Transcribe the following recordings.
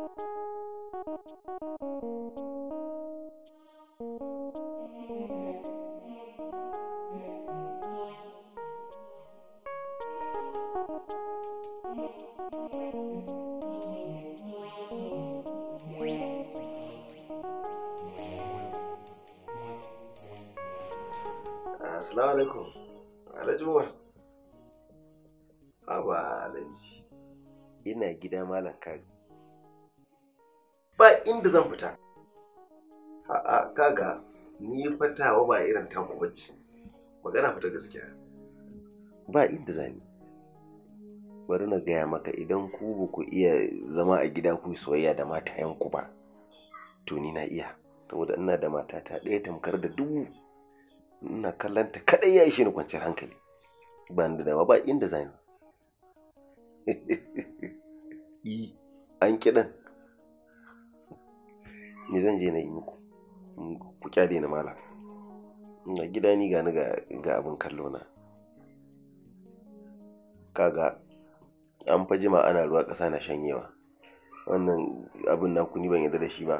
Assalamu alaikum. Alhaji Umar. Aba Alhaji. Ina gida malam kaji. inda zan fita a'a kaga ni fatawa ba irin taku bacci magana fita gaskiya ba inda yi. bari na gaya maka idan ku ba ku iya zama a gida ku soyayya da ku ba to ni na iya saboda ina da matata ɗaya tamkar da dubu ina kallanta kaɗai ya ishe ni kwanciyar hankali ba da dama ba inda zani i an kiɗan me zan je na yi muku ku kyade ni malam na gida ni gani ga abin kallo na kaga an fa jima ana ruwa ƙasa na shanyewa wannan abin na ni ban yadda da shi ba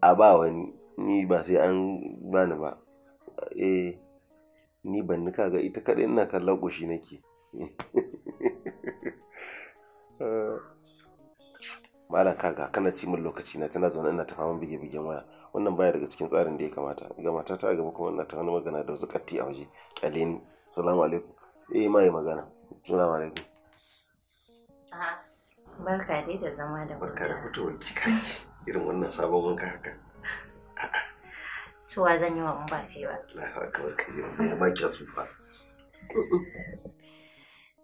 a ba wani ni ba sai an bani ba eh ni ban ni kaga ita kaɗai ina kallon ƙoshi nake eh. malam kaga kana ci min lokaci na tana zaune ina ta faman bige bigen waya wannan baya daga cikin tsarin da ya kamata ga mata ta gaba kuma ina ta wani magana da zakati a waje kyale ni salamu alaikum eh mai magana salamu alaikum barka dai da zama da barka da fitowar kika irin wannan sabon wanka haka cewa zan yi wa in ba fi ba kawai kai ya ba ki asufa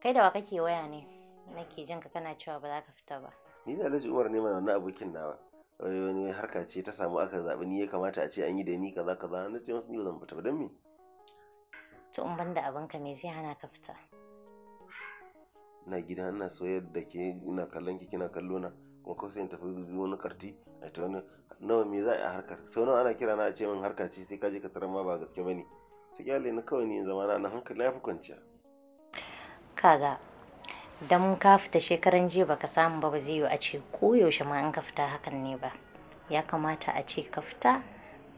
kai da wa kake waya ne nake jin ka kana cewa ba za ka fita ba ni da alhaji umar ne mana wannan abokin nawa wani harka ce ta samu aka zaɓi ni ya kamata a ce an yi da ni kaza kaza na ce masu ni ba zan fita ba don me to in banda abinka me zai hana ka fita ina gida ina soyar da ke ina kallon ki kina kallo na kuma kawai sai in tafi wani karti a ta wani nawa me za a yi harkar sau nawa ana kira na a ce min harka ce sai ka je ka tarar ma ba gaske ne sai kyale na kawai ne zama na hankali ya fi kwanciya kaga dan ka fita shekaran jiya baka samu ba ba zai yi a ce koyaushe ma an ka fita hakan ne ba ya kamata a ce ka fita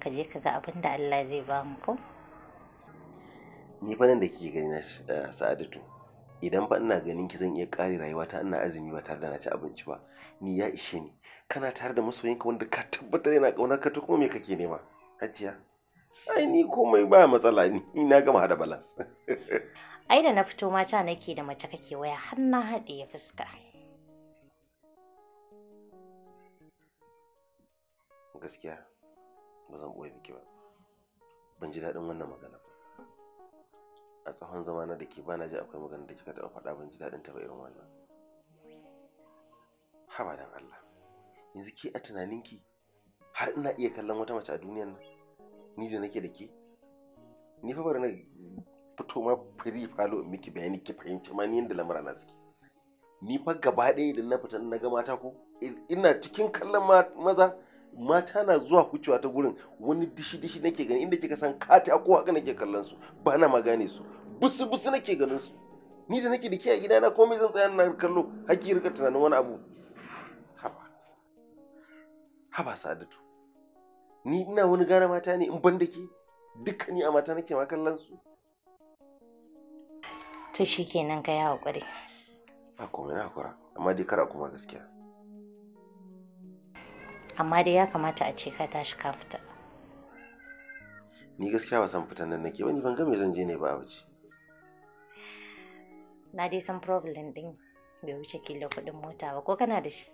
ka je ka ga abin da Allah zai ba mu ko ni fa nan da kike gani na eh, sa'adatu idan ba ina ganin ki zan iya kare ta, ina azumi ba tare da na ci abinci ba ni ya ishe ni kana tare da masoyinka wanda ka tabbatar yana kauna ka ta? kuma me kake nema hajiya ai ni komai ba matsala ni na gama hada balas ai da na fito mata nake da mace kake waya har na haɗe ya fuska gaskiya ba zan ɓoye miki ba ban ji daɗin wannan magana ba a tsawon zamana da ke bana ji akwai magana da kika taɓa faɗa ban ji daɗin ta ba irin wannan haba dan Allah yanzu ke a tunaninki har ina iya kallon wata mace a duniyan nan ni da nake da ke ni fa bari na fito ma firi falo in miki bayani ki fahimci ma ni yadda lamura na suke ni fa gaba ɗaya idan na fita na ga mata ko ina cikin kallon maza mata na zuwa kucewa ta gurin wani dishi dishi nake gani inda kika san kata ko haka nake kallon su ba na ma gane su busu busu nake ganin su ni da nake da ke a gida na komai zan tsaya na kallo hakki rika tunanin wani abu haba haba sadatu ni ina wani gane mata ne in ban da ke dukkan ni a mata nake ma kallon su to nan ka yi hakuri a komai na hakura amma dai kara kuma gaskiya amma dai ya kamata a ce ka tashi ka fita ni gaskiya ba san fitan nan nake ba ni ban ga me zan je ne ba abuci na dai san problem din bai wuce kila kudin mota ba ko kana da shi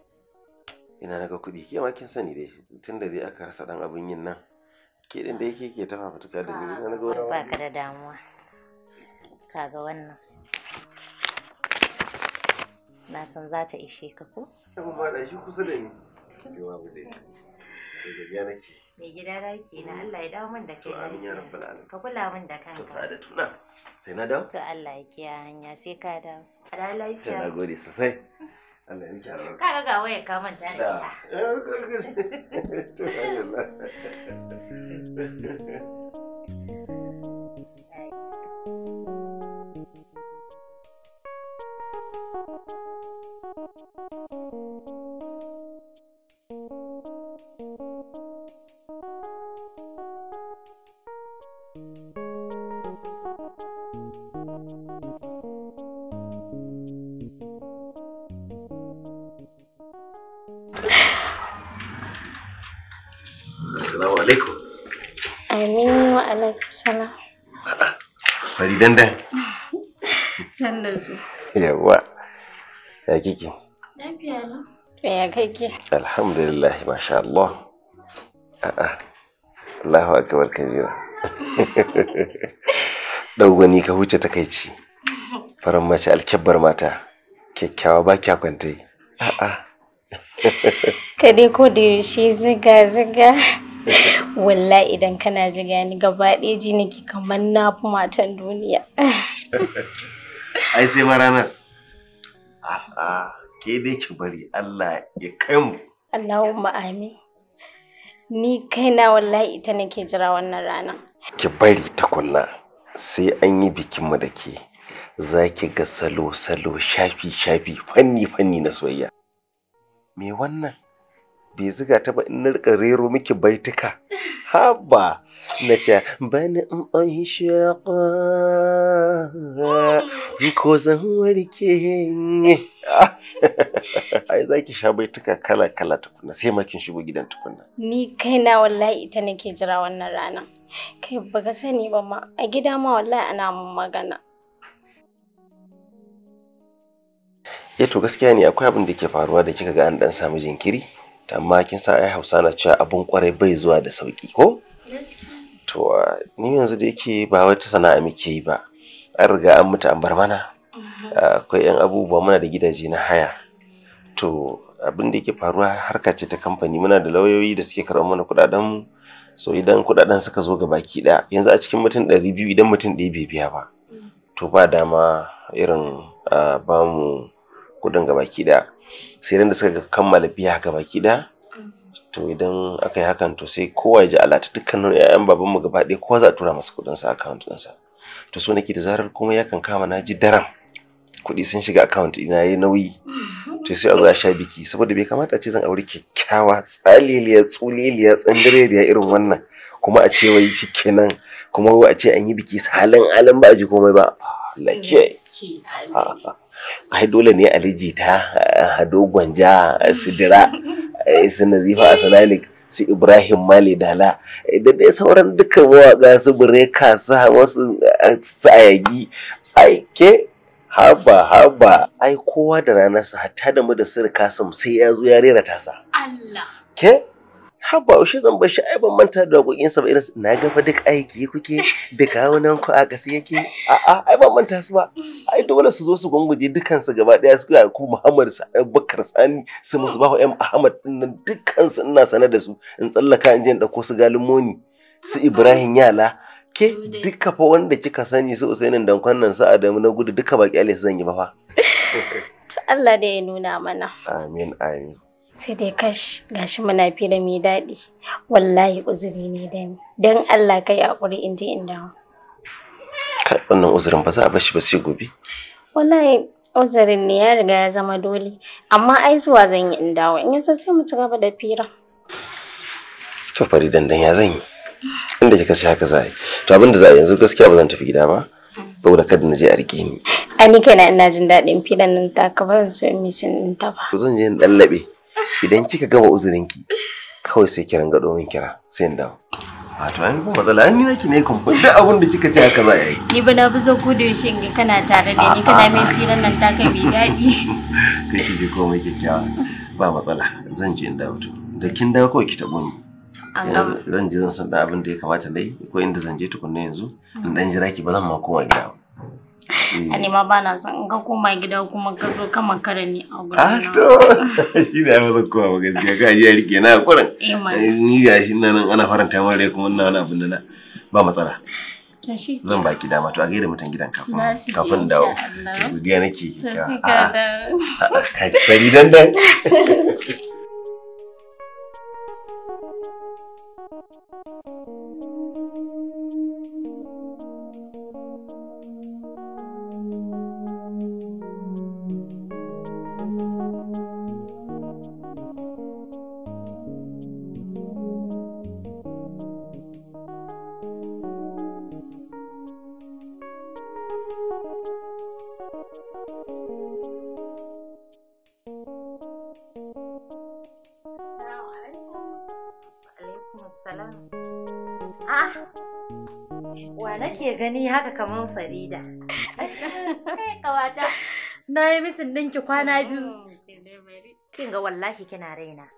ina na ga kuɗi ke ma kin sani dai tun da dai aka rasa ɗan abin yin nan ke ɗin da yake ke ta fafutuka da ni ina na ga wani ba ka da damuwa kaga wannan na san za ta ishe ka ko kuma ma da shi kusa da ni sai ma bude sai da ya nake mai gida da ke na Allah ya dawo min da kai amin ya rabbal alamin ka kula min da kanka to da tuna sai na dawo to Allah ya kiyaye hanya sai ka dawo a lafiya ta nagode sosai Allah ya kyara. Kaga waya ka manta da ita. To Thank you. Assalamu alaikum. Amin wa alaikum salam. Fari dandan. Sannan su. Yawwa. Ya kike? Lafiya na. Ya kike? Alhamdulillah masha Allah. A'a. Allahu akbar kabira. Dauwani ka huce takaici. Faran mace alkebbar mata. Kyakkyawa ba kya kwantai. A'a. Ka dai ko da yaushe ziga ziga. wallahi idan kana ziga ni gaba ɗaya ji nake kamar na fi matan duniya ai sai maranas. a'a ke dai ki bari Allah ya kai mu Allahumma amin ni kaina wallahi ita nake jira wannan rana ki bari ta kunna sai an yi bikin mu da ke za ki ga salo-salo shafi-shafi fanni-fanni na soyayya me wannan bai ziga ta ba in na rika rero miki baituka haba na ce bani in an shaƙa ko zan warke ai za ki sha baituka kala kala tukuna sai makin shigo gidan tukuna ni kaina wallahi ita nake jira wannan rana kai ba ka sani ba ma a gida ma wallahi ana magana eh to gaskiya ne akwai abin da ke faruwa da kika ga an dan samu jinkiri amma kin san ai hausa na cewa abun kwarai bai zuwa da sauki ko to ni yanzu da yake ba wata sana'a muke yi ba an riga an mutu an bar mana akwai yan abubuwa muna da gidaje na haya to abin da yake faruwa harka ce ta kamfani muna da lauyoyi da suke karɓar mana kuɗaɗen mu so idan kuɗaɗen suka zo ga baki ɗaya yanzu a cikin mutum ɗari biyu idan mutum ɗaya bai biya ba to ba dama irin ah, ba mu kuɗin ga baki ɗaya sai nan da suka kammala biya ga baki ɗaya to idan aka yi hakan to sai kowa ya ji alata dukkanin 'ya'yan mu gaba ɗaya kowa za a tura masa sa account sa, to so nake da zarar kuma yakan kama na ji daram kuɗi sun shiga account ina yayi nauyi to sai a zo a sha biki saboda bai kamata a ce zan auri kyakkyawa tsaliliya tsuliliya tsandireriya irin wannan kuma a ce wai shikenan kuma a ce an yi biki halin halin ba a ji komai ba ah, lakiyai Ah, ah. ai dole ne a lijita a dogon ja sidira su nazifa a sanalik su ibrahim mali dala da dai sauran dukkan mawaƙa su bureka su wasu sayagi ai ke haba haba ai kowa da ranarsa hatta da mu da sirka sai ya zo ya rera tasa Allah ke haba ushe zan bar shi ai ban manta da waƙoƙinsa ba irin na ga fa duk aiki kuke da kawunan ku a kasi yake a'a ai ban manta su ba ai dole su zo su gunguje su gaba ɗaya su ku Muhammad Bakar Sani su musu ba M Ahmad dinnan su ina sanar da su in tsallaka in je in ɗauko su galimoni su Ibrahim Yala ke duka fa wanda kika sani su Usainin dan kwannan su Adamu na gudu duka ba Ali su zan yi ba fa Allah da ya nuna mana amin amin sai dai kash gashi muna fira mai daɗi wallahi uzuri ne da ni don Allah kai hakuri in je in dawo wannan uzurin ba za a bashi ba sai gobe wallahi uzurin ne ya riga ya zama dole amma ai zuwa zan yi in dawo in yaso sai mu ci gaba da fira to fari dandan ya zan yi inda kika sai haka za a yi to abin da za a yanzu gaskiya ba zan tafi gida ba saboda kada na je a rike ni ani kenan ina jin daɗin firan nan ta ka ba zan so in misin ta ba zan je in ɗallaɓe idan kika gama uzurinki kawai sai kiran gado min kira sai in dawo a ah, to ai matsala ni nake ne kun duk abin da kika ce haka za yi ni ba na buzo ko da yaushe in kana tare da ni kana mai firan nan ta mai daɗi kai ki je komai kyakkyawa ba matsala zan je in dawo to da kin dawo kawai ki tabo ni zan je zan san da abin da ya kamata na yi ko inda zan je tukunna yanzu in dan jira ki ba zan ma koma gida ba Mm. a nima ba na son in ka koma gida kuma ka zo ka makara ni a gurin ah to shi da ba zan koma ba gaskiya ka rike na kurin eh, ni ga shi nan ana faranta kuma ina wani abin da na ba matsala zan ki dama to a gaida mutan gidan kafin kafin dawo nake a kai bari dan dan gani haka kamar farida kai kawata na yi misin ɗinki kwana mm, biyu kin ga wallahi kina raina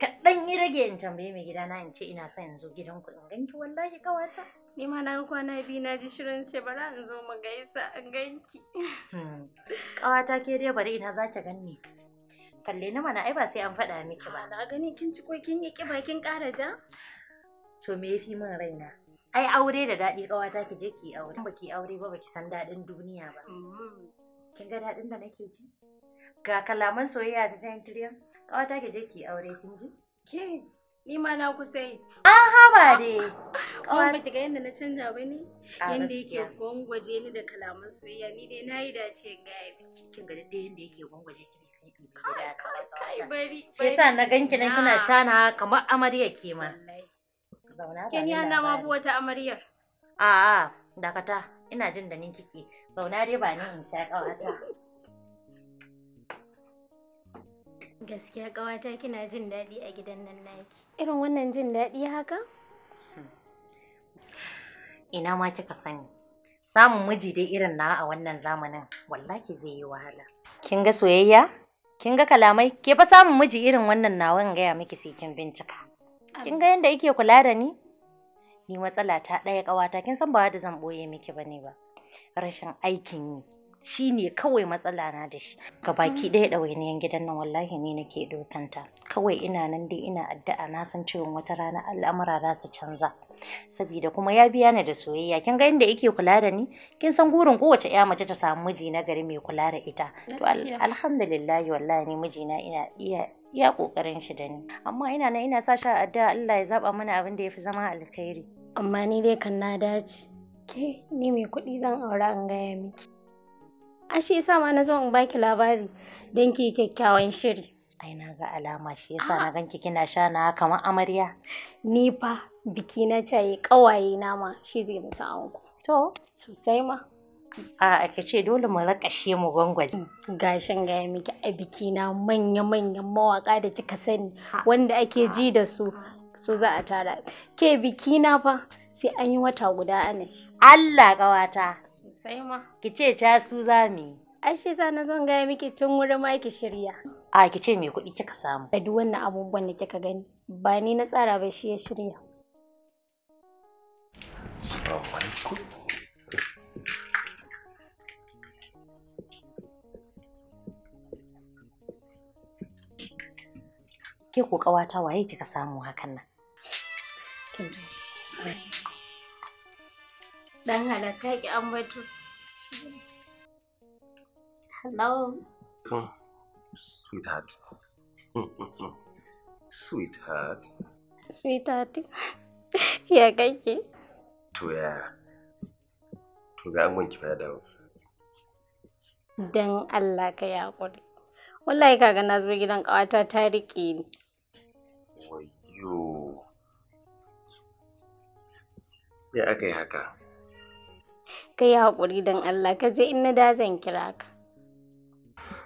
kaɗan yi rage in tambaye mai gida na in ce ina son yanzu, gidanku gidan ku in ganki wallahi kawata ni ma na kwana biyu na ji shirin ce bara in zo mu gaisa in ganki hmm. kawata ke dai bari ina za ki ganni kalle na mana ai ba sai an faɗa miki ba na gani kin ci ko kin yi kiba kin ƙara ja to me fi min raina ai aure da daɗi ƙawata ki je ki aure ba ki aure ba baki san daɗin duniya ba kin ga daɗin da nake ji ga kalaman soyayya da ta yantiriyar ƙawata ki je ki aure kin ji ke ni ma na kusa yi aha ba dai kuma ba ki yadda na canza ba ne yadda yake gwangwaje ni da kalaman soyayya ni dai na yi dace ga ya yabi kin ga dai yadda yake gwangwaje ki kai bari shi yasa na ganki nan kina shana kamar amarya ke ma Kenya na ma wata amaryar. A'a, dakata, ina jin da ni kike. Zauna dai ba ni in sha kawata. Gaskiya ƙawata kina jin daɗi a gidan nan naki. Irin wannan jin daɗi haka? Hmm. Ina ma kika sani. Samun miji dai irin na a wannan zamanin wallahi zai yi wahala. Kin ga soyayya? Kin ga kalamai? Ke fa samun miji irin wannan nawa in gaya miki sai kin bincika. kin ga yanda yake kula da ni ni matsala ta ɗaya ƙawata kin san ba da zan ɓoye miki ba ne ba rashin aikin yi shi ne kawai matsala na da shi ga baki mm. ɗaya ɗawainiyan gidan nan wallahi ni nake dokanta kawai ina nan dai ina addu'a na san cewa wata rana al'amura za su canza saboda kuma ya biya ni da soyayya kin ga yanda yake kula da ni kin san gurin kowace ya mace ta samu miji na gari mai kula da ita to alhamdulillah wallahi ni mijina ina iya iya kokarin shi da ni amma ina nan ina sa shi a addu'a Allah ya zaba mana abin da yafi zama alkhairi amma ni dai kan na dace ke ni mai kuɗi zan aura an gaya miki ashe yasa ma na zo in baki labari don ki kyakkyawan shiri ai na ga alama shi yasa na ganki kina sha na kamar amarya ni fa biki na caye kawaye na ma shi zai musa anku to sosai ma A'a ka ce dole mu rakashe mu gwangwani. Gashin gaya miki a biki na manya-manyan mawaka da kika sani wanda ake ji da su su za a tara. Ke biki na fa sai an yi wata guda ne. Allah ƙawata. Sosai ma. Ki ce ca su za mu yi. Ai shi na zon gaya miki tun wurin ma ki shirya. A ki ce me kuɗi kika samu. Da duk wannan abubuwan da kika gani ba ni na tsara ba shi ya shirya. Assalamu alaikum. ke ko kawata waye kika samu hakan nan dan halaka ki an batu hello hmm. sweetheart sweetheart sweetheart ya kake to ya to ga mun ki fada dawo dan Allah ka yaƙuri wallahi kaga na zo gidan kawata ta rike ni Wayyo! sai aka yi haka? Ka yi haƙuri don Allah, ka je in na da zan kira ka.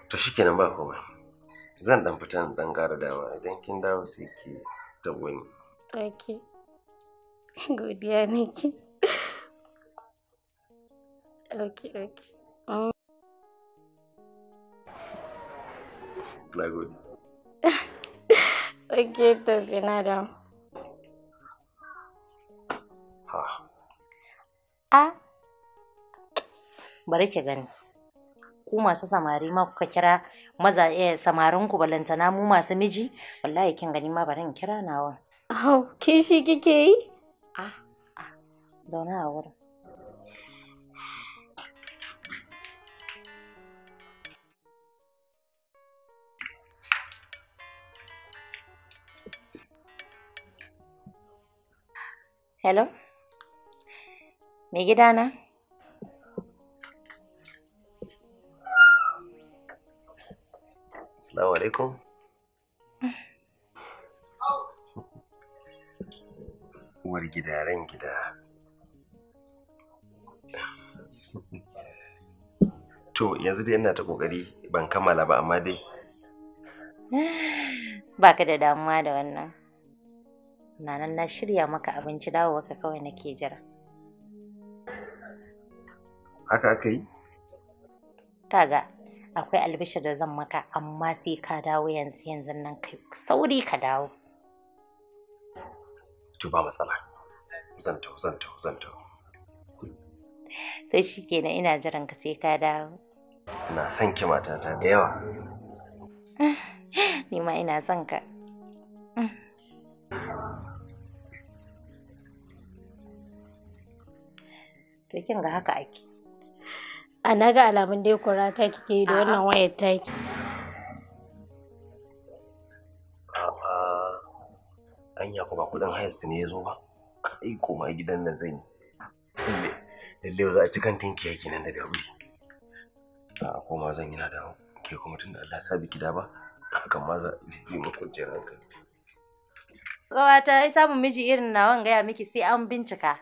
To shi kenan ba komai. Zan ɗan fita dan ɗan gara dawa idan kin dawo sai ki da wani. Ok. Godiya nake. Ok, ok. Mm. Na gode. Paquetas y Ah. A. Ah. Bari ki gani. Ku masu samari ma kuka kira maza eh, samarin ku balantana mu masu miji wallahi kin gani ma bari in kira nawa. Hau, kishi kike yi? Ah, ah. Zauna a wurin. Hello? Mai gidana? Assalamu alaikum. Uwar gida ran gida. To yanzu dai ina ta kokari ban kammala ba amma dai. Baka da damuwa da wannan. na nan na shirya maka abinci dawowarka kawai nake jira haka aka yi kaga akwai albishir da zan maka amma sai ka dawo yanzu yanzu nan kai sauri ka dawo to ba matsala zan taho zan taho zan taho to shikenan ina jiran ka sai ka dawo ina son ki matata da yawa ni ma ina son ka to kin ga haka ake a na ga alamun dai kura ta kike yi da wannan wayar taki anya kuma kudin hayar su ne ya zo ba ai koma gidan nan zan yi lalle za a ci kan tinki yake nan da dauri a koma zan yi na da ke kuma tun da Allah sa gida da ba hakan ma za yi mu kwanciyar hankali gawata ai samun miji irin nawan gaya miki sai an bincika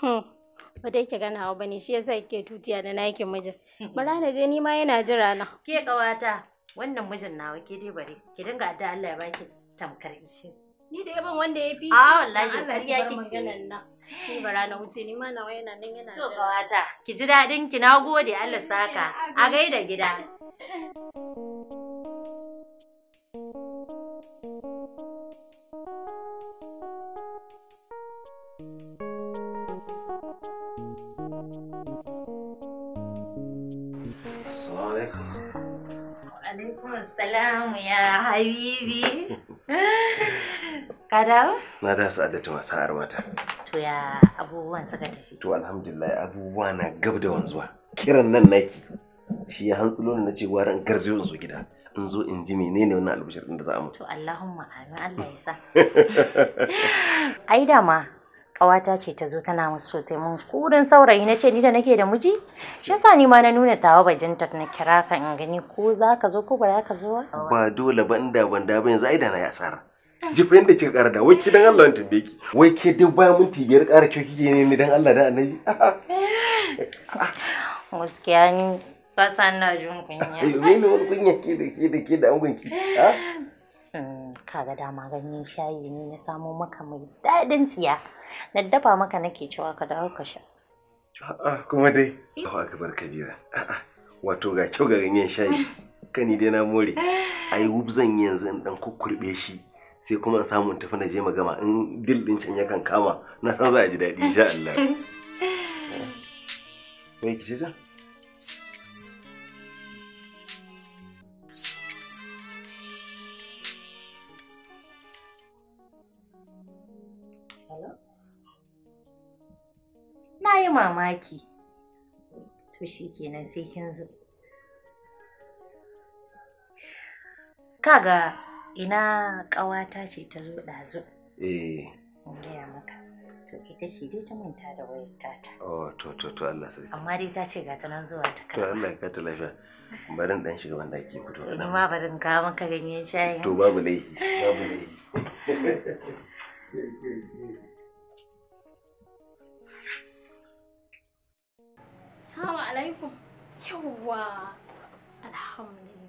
hmm. ba dai ki ganawa bane shi yasa kike tutiya da naki mijin bara da je ni ma yana jira na ke kawata wannan mijin nawa ke dai bare ki dinga da Allah ya baki tamkar ishi ni da yaban wanda ya fi a wallahi Allah ya ki maganan nan ni bara na wuce ni ma nawa yana nan yana to kawata ki ji dadin ki nagode Allah saka a gaida gida alaikum. Alaikum salam ya habibi. Ka Na da sa'adatu masu armata. To ya abubuwan suka tafi. To alhamdulillah abubuwa na gab da wanzuwa. Kiran nan naki. Shi ya hantsulo na ce gwaran garzo in zo gida. In zo in ji menene wannan albishir din da za a mutu. To Allahumma amin Allah ya sa. Ai dama Kawata ce ta zo tana musu so ta mun kurin saurayi na ce ni da nake da miji shi yasa ni ma na nuna tawa bajinta na kira ka in gani ko za ka zo ko ba za ka zo ba dole ba inda ban da ban yanzu da na yi asara jifa yadda kika ƙara da wai ki dan Allah ta beki wai ke duk bayan mun biyar ƙara kyau kike ne ni dan Allah da annabi gaskiya ni ba san na jin kunya ne wani kunya ke da ke da ke da angon ki hmm. Ka ga dama ganyen shayi ne na samo maka mai daɗin tsiya na dafa maka nake cewa ka dawo ka sha a'a kuma dai eh. kabira a'a wato ga kyau ga ganyen shayi kani dai na more ai wub zan yi yanzu in dan kukkurbe shi sai kuma in samu tafi na je magama in dil din can yakan kama na san za a ji daɗi insha Allah Wai ki ce mamaki to shi kenan sai kin zo kaga ina ƙawata ce ta zo ɗazu eh in gaya maka to ita ce dai ta manta da wayar tata oh to to to Allah sai amma dai ta ce ga ta nan zuwa ta to Allah ka ta lafiya barin dan shiga banda ake fito to ma barin ka maka ganyen shayi to babu laifi babu laifi Assalamu alaikum. Yawwa. Alhamdulillah.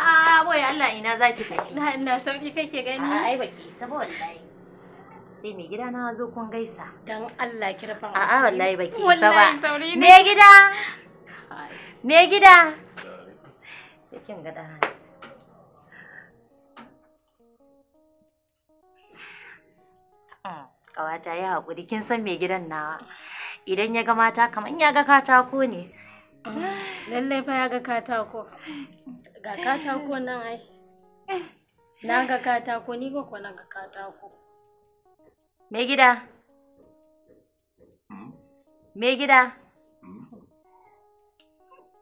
Ah, boye Allah ina zaki tafi. Na ina sauki kake gani? A ai baki isa ba wallahi. Sai mai gida na zo kun gaisa. Dan Allah ki asiri. A'a wallahi baki isa ba. Me gida? Me gida? Cikin gada. Kawata ya haƙuri kin san me gidan nawa. idan ya ga mata kamar ya ga katako ne mm. lallai fa ya ga katako ga katako nan ai na ga katako ni ko na ga katako me gida mm. me gida mm.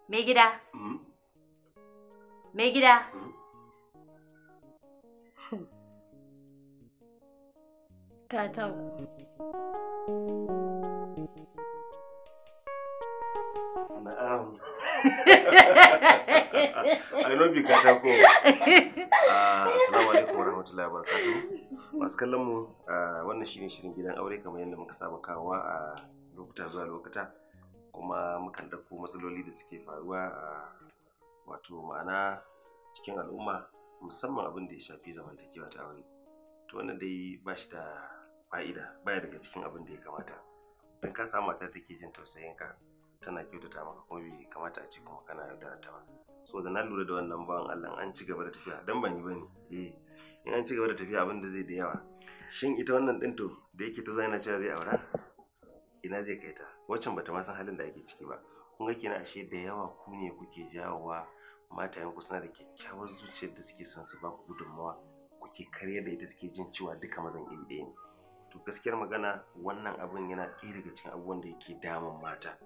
me gida me gida katako Na'am. Airobi katako. Ah, assalamu alaikum warahmatullahi wabarakatuh. Masu kallon mu ah, wannan shine shirin gidan aure kamar yadda muka saba kawowa a lokuta zuwa lokuta kuma mukan ɗauko matsaloli da suke faruwa a ah, wato ma'ana cikin al'umma musamman abin da ya shafi zamantakewa ta aure. To wannan dai ba shi da fa'ida baya daga cikin abin da ya kamata. Dan ka samu mata take jin tausayin ka tana kyautata maka kuma bai kamata a ce kuma kana yaudara ba saboda na lura da wannan bawan Allah an ci gaba da tafiya dan ban yi bane eh in an ci gaba da tafiya abin da zai da yawa shin ita wannan din to da yake ta zaina cewa zai aura ina zai kai ta waccan bata ma san halin da ake ciki ba kun ga kina ashe da yawa ku ne kuke jawowa matayen ku suna da kyakkyawar zuciyar da suke son su ba ku gudunmawa kuke karya da ita suke jin cewa duka mazan iri ɗaya ne to gaskiyar magana wannan abun yana ɗaya daga cikin abubuwan da yake damun mata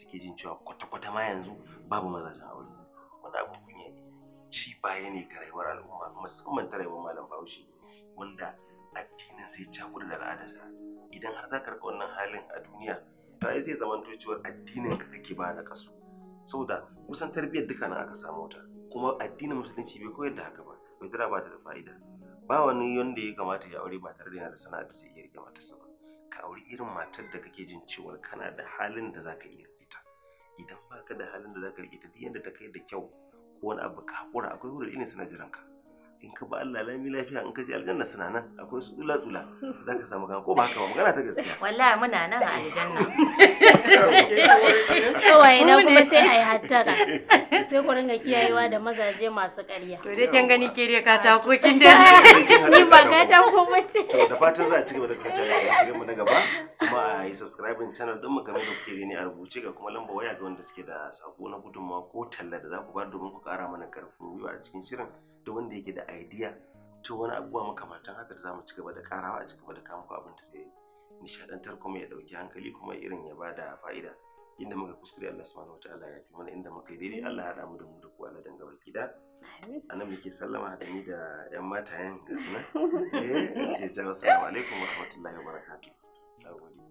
suke jin cewa kwata-kwata ma yanzu babu mazajen aure wanda abin ne ci baya ne ga rayuwar al'umma musamman ta rayuwar malam bahaushe wanda addinin sai cakuɗa da al'adarsa idan har za ka rika wannan halin a duniya to ai zai zama cewar addinin ka kake ba na kasu saboda kusan tarbiyyar duka nan aka samu ta kuma addinin musulunci bai koyar da haka ba yaudara ba ta da fa'ida ba wani wanda ya kamata ya aure ba tare da yana da sana'a da sai ya rike matarsa ba ka auri irin matar da kake jin cewa kana da halin da za ka iya idan baka da halin da zaka riƙe ta duk ta kai da kyau ko wani abu ka hakura akwai wurin ne suna jiranka in ka ba Allah lami lafiya in ka je aljanna suna nan akwai su tsula tsula za ka samu kan ko ba haka ba magana ta gaskiya wallahi muna nan a aljanna kawai na kuma sai ai hattara sai ku ringa kiyayewa da mazaje masu ƙarya to dai kin gani ke dai ka ta ko kin da ni ba ka ta ko mace to da fatan za a ci gaba da kace a cikin mu na gaba kuma a yi subscribe channel din mu kamar da kuke gani a rubuce ga kuma lamba waya ga wanda suke da sako na gudunmawa ko talla da za ku ba domin ku ƙara mana karfin gwiwa a cikin shirin da wanda yake da idea to wani abubuwa makamantan haka da zamu ci gaba da karawa a cikin da kamuku abin da zai nishadantar kuma ya dauki hankali kuma irin ya bada fa'ida inda muka kuskure Allah subhanahu wataala ya fi mana inda muka daidai Allah ya damu da mu da ku Allah dan gaba gida anan muke sallama da ni da yan matayen gasu eh ke jawo assalamu alaikum wa rahmatullahi wa barakatuh